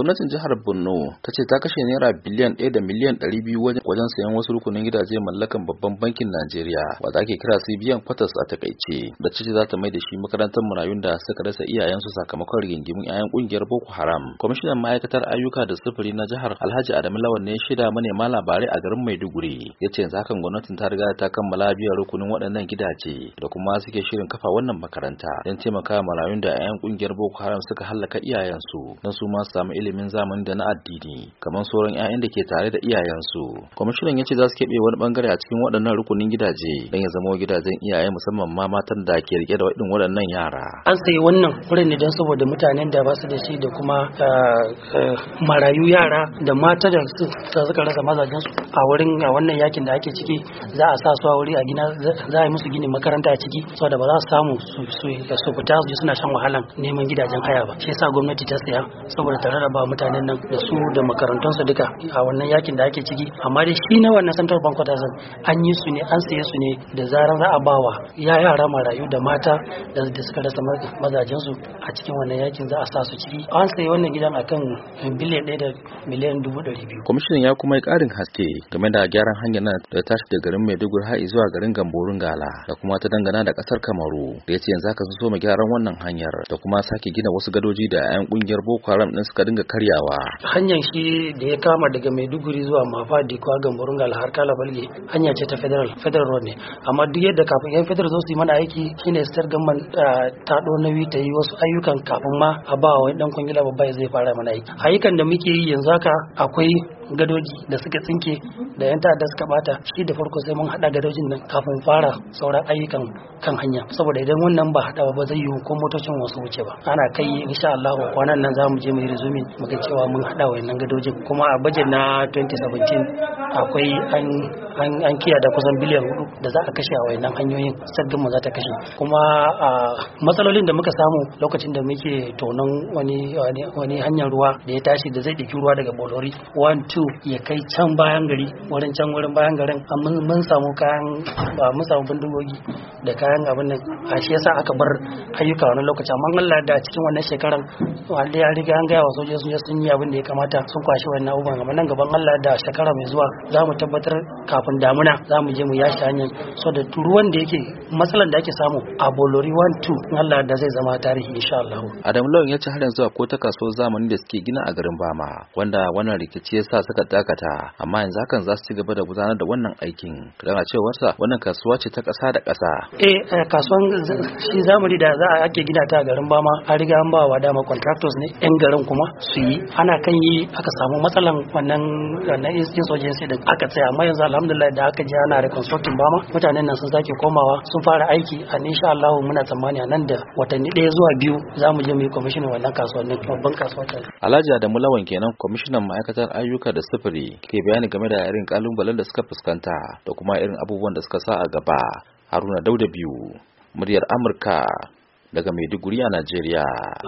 gwamnatin jihar borno ta ce ta kashe naira biliyan ɗaya da miliyan ɗari biyu wajen sayan wasu rukunin gidaje mallakan babban bankin najeriya wanda ake kira cbn quarters a takaice da ce za ta mai da shi makarantar marayun da suka rasa iyayensu sakamakon rigingimu 'ya'yan kungiyar boko haram kwamishinan ma'aikatar ayyuka da sufuri na jihar alhaji adamu lawan ne shida manema labarai a garin maiduguri ya ce yanzu hakan gwamnatin ta riga ta kammala biyan rukunin waɗannan gidaje da kuma suke shirin kafa wannan makaranta don taimaka marayun da 'ya'yan kungiyar boko haram suka hallaka iyayensu don su ma su samu ilimi ilimin zamani da na addini kamar sauran 'ya'yan da ke tare da iyayensu kwamishinan ya ce za su keɓe wani bangare a cikin waɗannan rukunin gidaje don ya zama gidajen iyaye musamman ma matan da ke rike da waɗannan yara an sayi wannan wurin ne don saboda mutanen da ba su da shi da kuma eh, eh, marayu yara da mata da su rasa su a wurin a wannan yakin da ake ciki za a sa su a wuri a gina za a yi musu gini makaranta a ciki saboda ba za su samu su fita su suna shan wahalan neman gidajen haya ba shi yasa gwamnati ta saya saboda tare da ba mutanen nan da su da makarantun su duka a wannan yakin da ake ciki amma dai shi na wannan central bank san an yi su ne an saye su ne da zaran za a bawa ya yara marayu da mata da suka rasa su a cikin wannan yakin za a sa su ciki an saye wannan gidan akan biliyan ɗaya da miliyan dubu kwamishinan ya kuma yi karin haske game da gyaran hanyar nan da tashi da garin maiduguri har zuwa garin gamborin gala da kuma ta dangana da ƙasar kamaru da ya ce yanzu aka so mu gyaran wannan hanyar da kuma sake gina wasu gadoji da 'yan ƙungiyar boko haram ɗin suka dinga dinga karyawa hanyar shi da ya kama daga maiduguri zuwa mafadi dikwa ga murungal har kala balge hanya ce ta federal federal road ne amma duk yadda kafin yan federal zosu su yi mana aiki shine star gamman ah, ta ɗo ta yi wasu ayyukan kafin ma a ba wa dan kwangila babba zai fara mana aiki ayyukan da muke yi yanzu haka akwai gadoji da suka tsinke da yan ta'adda suka bata shi da farko sai mun hada gadojin nan kafin fara sauran ayyukan kan hanya saboda idan wannan ba hada ba zai yi ko motocin wasu wuce ba ana kai insha Allah kwanan nan mu je mu yi resume muka cewa mun haɗa wayannan gadojin kuma a bajet na 2017 akwai an an kiya da kusan biliyan hudu da za a kashe a wayannan hanyoyin sabbin za ta kashe kuma matsalolin da muka samu lokacin da muke tonon wani wani hanyar ruwa da ya tashi da zai ɗauki ruwa daga bolori 1-2 ya kai can bayan gari wurin can wurin bayan garin mun samu kayan mun samu bindigogi da kayan abin nan a shi yasa aka bar ayyuka wani lokaci amma Allah da cikin wannan shekaran wanda ya riga an gaya wa sojoji sun yi abin da ya kamata sun kwashi wannan abubuwan amma nan gaban Allah da shekara mai zuwa za mu tabbatar kafin kafin damuna za mu je mu yashi hanyar so da ruwan da yake matsalar da ake samu a bolori 1 2 Allah da zai zama tarihi insha Allah Adam Lawan ya ce har yanzu ko ta kasuwar zamani da suke gina a garin Bama wanda wannan rikici ya sa suka dakata amma yanzu hakan za su ci gaba da gudanar da wannan aikin kana cewar sa wannan kasuwa ce ta kasa da kasa. Eh, eh kasuwan shi zamani da za a ake gina ta a garin Bama an riga an ba wa dama contractors ne yan garin kuma su yi ana kan yi aka samu matsalan wannan wannan insurgency da aka tsaya amma yanzu alhamdulillah alhamdulillah da aka ji ana reconstructing bama mutanen nan sun sake komawa sun fara aiki a insha Allah muna tsammani a nan da watanni ɗaya zuwa biyu za mu je mu yi kwamishinan wannan kasuwannin babban kasuwancin. Alhaji Adamu Lawan kenan kwamishinan ma'aikatar ayyuka da sufuri ke bayani game da irin kalubalen da suka fuskanta da kuma irin abubuwan da suka sa a gaba. Haruna Dauda biyu, muryar Amurka daga Maiduguri a Najeriya.